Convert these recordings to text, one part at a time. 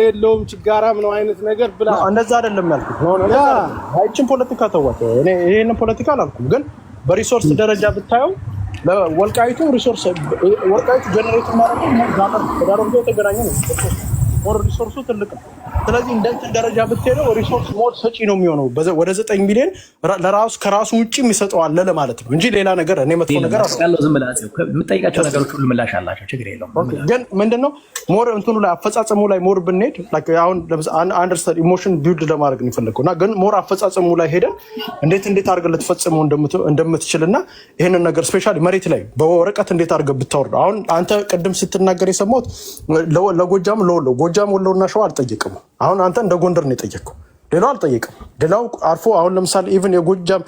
ር የለውም ችጋራም ነው አይነት ነገር ብላ እንደዛ አይደለም ያልኩት። ይህችን ፖለቲካ ተዋት። ይህን ፖለቲካ አላልኩም፣ ግን በሪሶርስ ደረጃ ብታየው ወልቃይቱ ሪሶርስ ወልቃይቱ ጀነሬት ማድረግ ተዳረጎ የተገናኘ ነው። ሪሶርሱ ትልቅ ነው። ስለዚህ እንደዚህ ደረጃ ብትሄደው ሪሶርስ ሞድ ሰጪ ነው የሚሆነው። ወደ ዘጠኝ ሚሊዮን ለራሱ ከራሱ ውጭ የሚሰጠው አለ ለማለት ነው እንጂ ሌላ ነገር እኔ መጥፎ ነገር የምጠይቃቸው ነገሮች ሁሉ ምላሽ አላቸው። ችግር የለውም። ግን ምንድን ነው ሞር እንትኑ ላይ አፈጻጸሙ ላይ ሞር ብንሄድ አሁን አንደርስታንድ ኢሞሽን ቢውልድ ለማድረግ ነው የፈለግከው እና ግን ሞር አፈጻጸሙ ላይ ሄደን እንዴት እንዴት አድርገን ልትፈጽመው እንደምትችል እና ይህንን ነገር ስፔሻሊ መሬት ላይ በወረቀት እንዴት አድርገን ብታወርደው አሁን አንተ ቅድም ስትናገር የሰማሁት ለጎጃም ለወሎ ጎጃም ወሎና ሸዋ አልጠየቅም። አሁን አንተ እንደ ጎንደር ነው የጠየቅከው፣ ሌላው አልጠየቅም። ሌላው አርፎ አሁን ለምሳሌ ኢቨን የጎጃም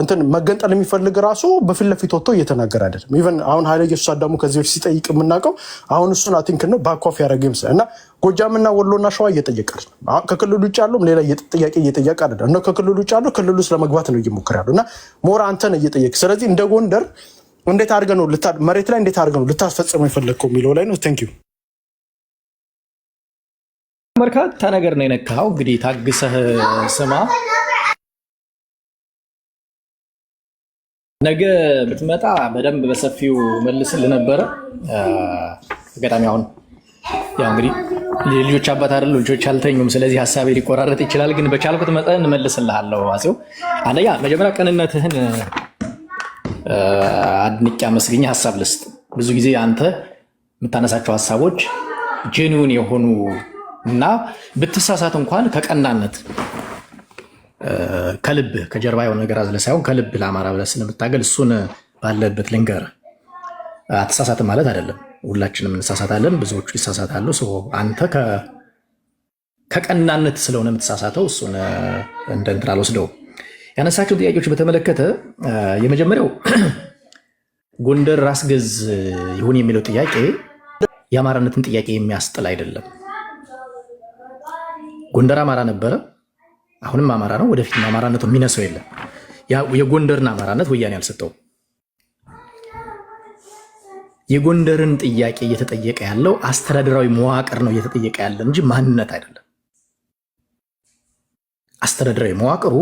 እንትን መገንጠል የሚፈልግ ራሱ በፊት ለፊት ወጥቶ እየተናገረ አይደለም። ኢቨን አሁን ኃይለ ኢየሱስ አዳሙ ከዚህ በፊት ሲጠይቅ የምናውቀው አሁን እሱን አቲንክ ነው ባኮፍ ያደረገ ይመስላል። እና ጎጃምና ወሎና ሸዋ እየጠየቀ ከክልል ውጭ ያለውም ሌላ ጥያቄ እየጠየቀ አይደለም። እና ከክልል ውጭ ያለው ክልል ውስጥ ለመግባት ነው እየሞከረ ያለው እና ሞራ አንተን እየጠየቅ ስለዚህ እንደ ጎንደር እንዴት አድርገ ነው መሬት ላይ እንዴት አድርገ ነው ልታስፈጽመው የፈለግከው የሚለው ላይ ነው። ቴንክ ዩ በርካታ ነገር ነው የነካኸው። እንግዲህ ታግሰህ ስማ። ነገ ብትመጣ በደንብ በሰፊው መልስልህ ነበረ። አጋጣሚ አሁን ያው እንግዲህ የልጆች አባት አይደሉ ልጆች አልተኙም። ስለዚህ ሀሳቤ ሊቆራረጥ ይችላል፣ ግን በቻልኩት መጠን እመልስልሃለሁ። አጼው አንደኛ መጀመሪያ ቀንነትህን አድንቄ አመስግኜ ሀሳብ ልስጥ። ብዙ ጊዜ አንተ የምታነሳቸው ሀሳቦች ጄኒውን የሆኑ እና ብትሳሳት እንኳን ከቀናነት ከልብ ከጀርባ የሆነ ነገር አዝለህ ሳይሆን ከልብ ለአማራ ብለህ ስለምታገል እሱን ባለበት ልንገር። አትሳሳትም ማለት አይደለም። ሁላችንም እንሳሳታለን፣ ብዙዎቹ ይሳሳታሉ። አንተ ከቀናነት ስለሆነ የምትሳሳተው እሱን እንደ እንትን አልወስደውም። ያነሳቸውን ጥያቄዎች በተመለከተ የመጀመሪያው ጎንደር ራስ ገዝ ይሁን የሚለው ጥያቄ የአማራነትን ጥያቄ የሚያስጥል አይደለም። ጎንደር አማራ ነበረ፣ አሁንም አማራ ነው። ወደፊትም አማራነቱ የሚነሰው የለም። የጎንደርን አማራነት ወያኔ አልሰጠው። የጎንደርን ጥያቄ እየተጠየቀ ያለው አስተዳደራዊ መዋቅር ነው እየተጠየቀ ያለ እንጂ ማንነት አይደለም። አስተዳደራዊ መዋቅሩ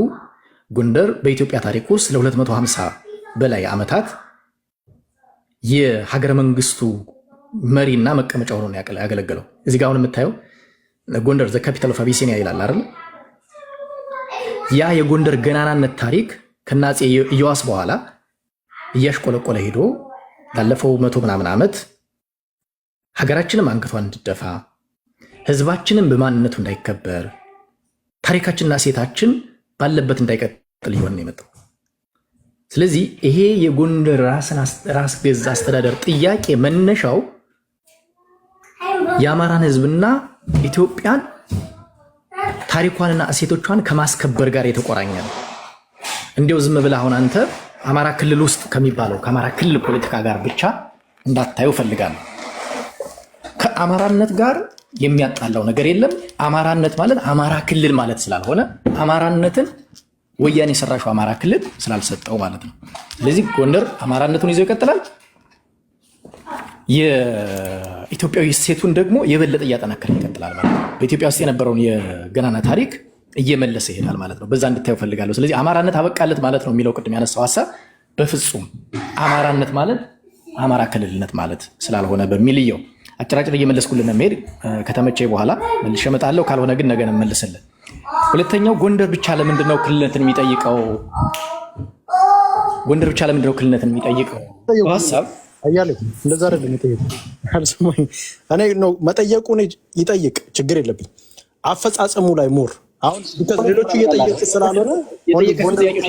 ጎንደር በኢትዮጵያ ታሪክ ውስጥ ለ250 በላይ ዓመታት የሀገረ መንግስቱ መሪና መቀመጫ ሆኖ ያገለገለው እዚህ አሁን የምታየው ጎንደር ዘ ካፒታል ኦፍ አቢሲኒያ ይላል አይደል? ያ የጎንደር ገናናነት ታሪክ ከናጼ ኢዮአስ በኋላ እያሽቆለቆለ ሄዶ ላለፈው መቶ ምናምን ዓመት ሀገራችንም አንገቷን እንድደፋ ህዝባችንም በማንነቱ እንዳይከበር ታሪካችንና ሴታችን ባለበት እንዳይቀጥል እየሆነ ነው የመጣው። ስለዚህ ይሄ የጎንደር ራስ ገዝ አስተዳደር ጥያቄ መነሻው የአማራን ህዝብና ኢትዮጵያን ታሪኳንና እሴቶቿን ከማስከበር ጋር የተቆራኘ ነው። እንዲው ዝም ብለህ አሁን አንተ አማራ ክልል ውስጥ ከሚባለው ከአማራ ክልል ፖለቲካ ጋር ብቻ እንዳታየው ፈልጋለሁ። ከአማራነት ጋር የሚያጣላው ነገር የለም። አማራነት ማለት አማራ ክልል ማለት ስላልሆነ አማራነትን ወያኔ የሰራሽው አማራ ክልል ስላልሰጠው ማለት ነው። ስለዚህ ጎንደር አማራነቱን ይዘው ይቀጥላል። የኢትዮጵያዊ ሴቱን ደግሞ የበለጠ እያጠናከረ ይቀጥላል ማለት ነው። በኢትዮጵያ ውስጥ የነበረውን የገናና ታሪክ እየመለሰ ይሄዳል ማለት ነው። በዛ እንድታዩ ፈልጋለሁ። ስለዚህ አማራነት አበቃለት ማለት ነው የሚለው ቅድም ያነሳው ሀሳብ በፍጹም አማራነት ማለት አማራ ክልልነት ማለት ስላልሆነ እየው አጭራጭር እየመለስኩልን መሄድ ከተመቼ በኋላ መልሼ እመጣለሁ። ካልሆነ ግን ነገ እንመልስልን። ሁለተኛው ጎንደር ብቻ ለምንድነው ክልልነትን የሚጠይቀው? ጎንደር ብቻ ለምንድነው ክልልነትን የሚጠይቀው ሀሳብ አያሌው እንደዛ አይደለም የጠየቁት። አልሰማኝ እኔ ነው መጠየቁ ይጠይቅ ችግር የለብኝ። አፈጻጸሙ ላይ ሞር አሁን ሌሎቹ እየጠየቁ ስላልሆነ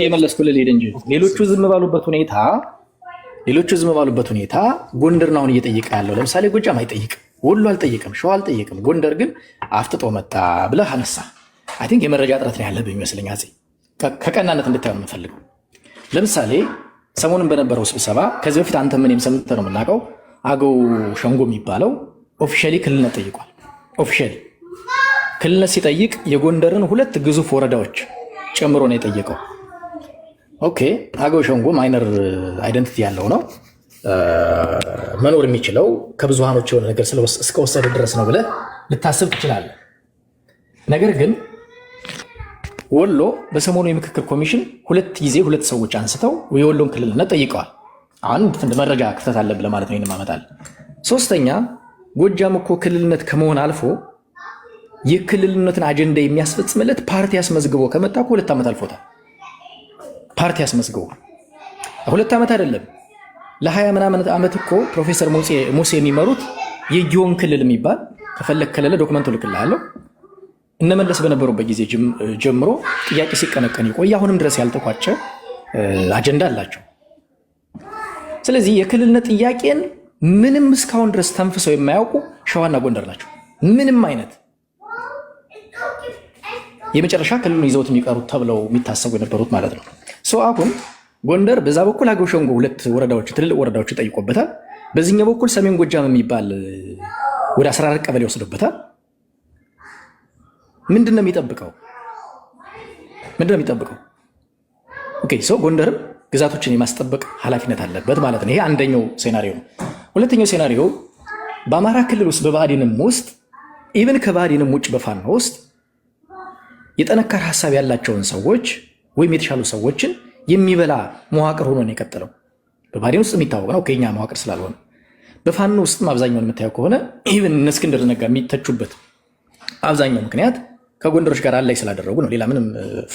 የመለስኩልህ ልሂድ እንጂ ሌሎቹ ዝም ባሉበት ሁኔታ ሌሎቹ ዝም ባሉበት ሁኔታ ጎንደር ነው አሁን እየጠየቀ ያለው። ለምሳሌ ጎጃም አይጠይቅም፣ ወሎ አልጠየቅም፣ ሸዋ አልጠየቅም። ጎንደር ግን አፍጥጦ መጣ ብለህ አነሳ። አይ ቲንክ የመረጃ እጥረት ነው ያለብህ ይመስለኝ። ከቀናነት እንድታየው የምፈልገው ለምሳሌ ሰሞኑን በነበረው ስብሰባ ከዚህ በፊት አንተ ምን ሰምተህ ነው የምናውቀው፣ አገው ሸንጎ የሚባለው ኦፊሻሊ ክልልነት ጠይቋል። ኦፊሻሊ ክልልነት ሲጠይቅ የጎንደርን ሁለት ግዙፍ ወረዳዎች ጨምሮ ነው የጠየቀው። ኦኬ አገው ሸንጎ ማይነር አይደንቲቲ ያለው ነው መኖር የሚችለው ከብዙሃኖች የሆነ ነገር እስከወሰደ ድረስ ነው ብለህ ልታስብ ትችላለህ። ነገር ግን ወሎ በሰሞኑ የምክክር ኮሚሽን ሁለት ጊዜ ሁለት ሰዎች አንስተው የወሎን ክልልነት ጠይቀዋል። አንድ መረጃ ክፍተት አለ ብለህ ማለት ነው። ይህን ማመጣል። ሶስተኛ ጎጃም እኮ ክልልነት ከመሆን አልፎ የክልልነትን አጀንዳ የሚያስፈጽምለት ፓርቲ አስመዝግቦ ከመጣ እኮ ሁለት ዓመት አልፎታል። ፓርቲ አስመዝግቦ ሁለት ዓመት አይደለም ለሀያ ምናምን ዓመት እኮ ፕሮፌሰር ሙሴ የሚመሩት የጊዮን ክልል የሚባል ከፈለግ ከሌለ ዶክመንቱ ልክልሃለሁ እነመለስ በነበሩበት ጊዜ ጀምሮ ጥያቄ ሲቀነቀን ይቆይ አሁንም ድረስ ያልተቋጨ አጀንዳ አላቸው። ስለዚህ የክልልነት ጥያቄን ምንም እስካሁን ድረስ ተንፍሰው የማያውቁ ሸዋና ጎንደር ናቸው። ምንም አይነት የመጨረሻ ክልሉን ይዘውት የሚቀሩት ተብለው የሚታሰቡ የነበሩት ማለት ነው። አሁን ጎንደር በዛ በኩል አገው ሸንጎ ሁለት ወረዳዎች ትልልቅ ወረዳዎች ይጠይቆበታል። በዚህኛው በኩል ሰሜን ጎጃም የሚባል ወደ 14 ቀበሌ ወስዶበታል። ምንድን ነው የሚጠብቀው? ምንድን ነው የሚጠብቀው? ኦኬ ሰው ጎንደርም ግዛቶችን የማስጠበቅ ኃላፊነት አለበት ማለት ነው። ይሄ አንደኛው ሴናሪዮ ነው። ሁለተኛው ሴናሪዮ በአማራ ክልል ውስጥ በባዲንም ውስጥ ኢብን ከባዲንም ውጭ በፋኖ ውስጥ የጠነከረ ሀሳብ ያላቸውን ሰዎች ወይም የተሻሉ ሰዎችን የሚበላ መዋቅር ሆኖ ነው የቀጠለው። በባዕዲን ውስጥ የሚታወቅ ነው ከኛ መዋቅር ስላልሆነ በፋኖ ውስጥም አብዛኛውን የምታየው ከሆነ ኢብን እነ እስክንድር ነጋ የሚተቹበት አብዛኛው ምክንያት ከጎንደሮች ጋር አላይ ስላደረጉ ነው። ሌላ ምንም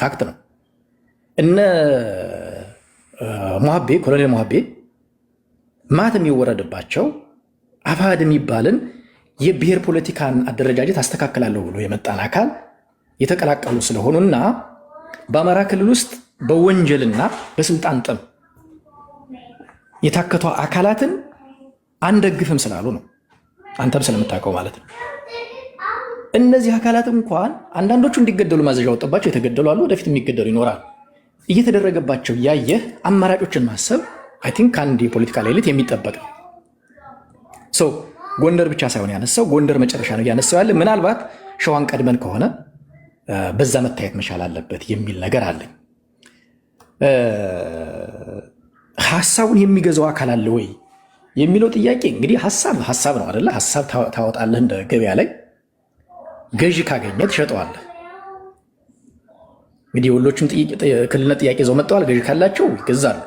ፋክት ነው። እነ ሞሀቤ ኮሎኔል ሞሀቤ ማት የሚወረድባቸው አፋድ የሚባልን የብሔር ፖለቲካን አደረጃጀት አስተካክላለሁ ብሎ የመጣን አካል የተቀላቀሉ ስለሆኑ እና በአማራ ክልል ውስጥ በወንጀልና በስልጣን ጥም የታከቷ አካላትን አንደግፍም ስላሉ ነው። አንተም ስለምታውቀው ማለት ነው። እነዚህ አካላት እንኳን አንዳንዶቹ እንዲገደሉ ማዘዣ ወጥባቸው የተገደሉ አሉ። ወደፊት የሚገደሉ ይኖራል። እየተደረገባቸው ያየህ አማራጮችን ማሰብ አይ ቲንክ ከአንድ የፖለቲካል ኤሊት የሚጠበቅ ነው። ጎንደር ብቻ ሳይሆን ያነሳው ጎንደር መጨረሻ ነው እያነሳው ያለ ምናልባት ሸዋን ቀድመን ከሆነ በዛ መታየት መቻል አለበት የሚል ነገር አለኝ። ሀሳቡን የሚገዛው አካል አለ ወይ የሚለው ጥያቄ እንግዲህ ሀሳብ ሀሳብ ነው አደለ? ሀሳብ ታወጣለህ እንደ ገበያ ላይ ገዢ ካገኘ ትሸጠዋለህ። እንግዲህ የወሎችም ክልልነት ጥያቄ ይዘው መጥተዋል። ገዢ ካላቸው ይገዛሉ።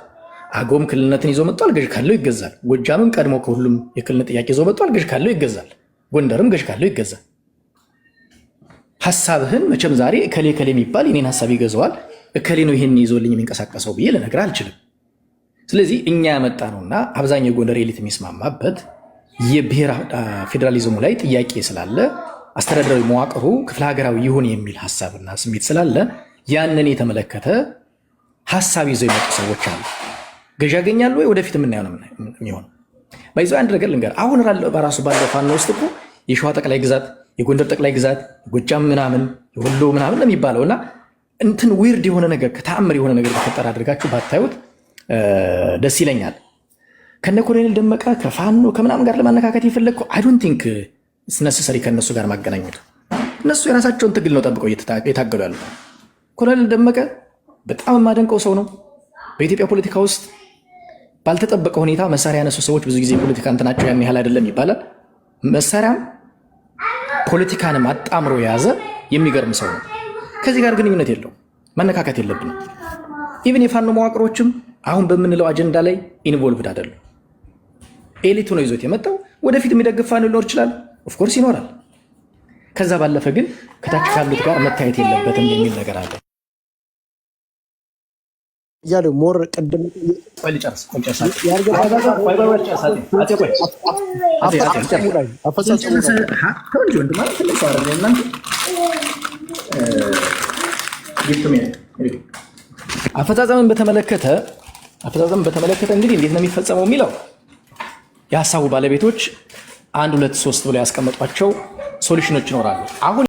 አገውም ክልልነትን ይዞ መጥተዋል። ገዢ ካለው ይገዛል። ጎጃምም ቀድሞ ከሁሉም የክልልነት ጥያቄ ይዞ መጥተዋል። ገዢ ካለው ይገዛል። ጎንደርም ገዢ ካለው ይገዛል። ሀሳብህን መቼም ዛሬ እከሌ እከሌ የሚባል የኔን ሀሳብ ይገዛዋል፣ እከሌ ነው ይህን ይዞልኝ የሚንቀሳቀሰው ብዬ ልነግርህ አልችልም። ስለዚህ እኛ ያመጣ ነውና አብዛኛው የጎንደር ኤሊት የሚስማማበት የብሔር ፌዴራሊዝሙ ላይ ጥያቄ ስላለ አስተዳደራዊ መዋቅሩ ክፍለ ሀገራዊ ይሁን የሚል ሀሳብና ስሜት ስላለ ያንን የተመለከተ ሀሳብ ይዘው የመጡ ሰዎች አሉ። ገዢ ያገኛሉ ወይ? ወደፊት የምናየው ነው አንድ ነገር ልንገር። አሁን በራሱ ባለው ፋኖ ውስጥ እኮ የሸዋ ጠቅላይ ግዛት፣ የጎንደር ጠቅላይ ግዛት፣ የጎጃም ምናምን፣ የወሎ ምናምን ነው የሚባለው እና እንትን ዊርድ የሆነ ነገር ከተአምር የሆነ ነገር ተፈጠረ አድርጋችሁ ባታዩት ደስ ይለኛል። ከነ ኮሎኔል ደመቀ ከፋኖ ከምናምን ጋር ለማነካከት የፈለግከው አይ ዶንት ቲንክ ነሰሰሪ ከእነሱ ጋር ማገናኘቱ እነሱ የራሳቸውን ትግል ነው ጠብቀው የታገሉ ያሉ። ኮሎኔል ደመቀ በጣም የማደንቀው ሰው ነው። በኢትዮጵያ ፖለቲካ ውስጥ ባልተጠበቀ ሁኔታ መሳሪያ ያነሱ ሰዎች ብዙ ጊዜ ፖለቲካ እንትናቸው ያን ያህል አይደለም ይባላል። መሳሪያም ፖለቲካንም አጣምሮ የያዘ የሚገርም ሰው ነው። ከዚህ ጋር ግንኙነት የለው፣ መነካከት የለብንም። ኢቭን የፋኖ መዋቅሮችም አሁን በምንለው አጀንዳ ላይ ኢንቮልቭድ አይደሉም። ኤሊቱ ነው ይዞት የመጣው። ወደፊት የሚደግፍ ፋኖ ሊኖር ይችላል። ኦፍኮርስ ይኖራል። ከዛ ባለፈ ግን ከታች ካሉት ጋር መታየት የለበትም የሚል ነገር አለ እያለ ሞር ቅድም አፈጻጸምን በተመለከተ አፈጻጸምን በተመለከተ እንግዲህ እንዴት ነው የሚፈጸመው የሚለው የሀሳቡ ባለቤቶች አንድ ሁለት ሶስት ብሎ ያስቀመጧቸው ሶሉሽኖች ይኖራሉ። አሁን